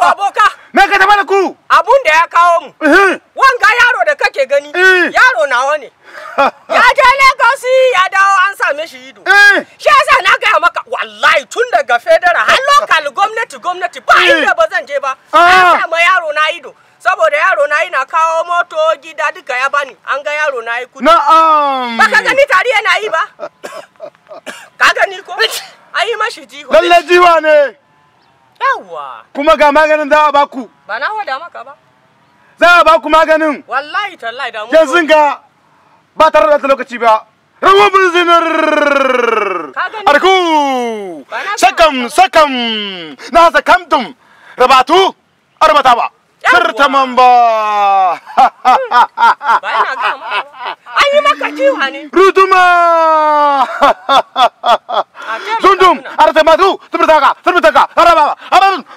kawo aboka? Me ka taɓa da ku? Abun da ya kawo mu. Eh. Wanga yaro da kake gani, eh. yaro nawa ne. Ya je Lagos ya dawo an same shi ido. Eh. Shi yasa na gaya maka wallahi tun daga federal har local gwamnati gwamnati ba inda ba zan je ba. An sama ah. yaro na ido. saboda yaro na yana kawo moto gida duka ya bani an ga yaro na yi kudi na'am ba ka gani tari yana yi ba ka gani ko ayi mashi jiho lalle jiwa ne Yawwa. Kuma ga maganin za a baku. Ba na hoda maka ba. Za a baku maganin. Wallahi tallahi da mu. Yanzu ga ba tare da lokaci ba. Rawa zinar. Arku. Sakam sakam. Na sakamtum. Rabatu. Arbata ba. Sirtaman ba. Ba An yi maka ne. Rutuma. Zundum. Artamatu. Tubirtaka. Abend.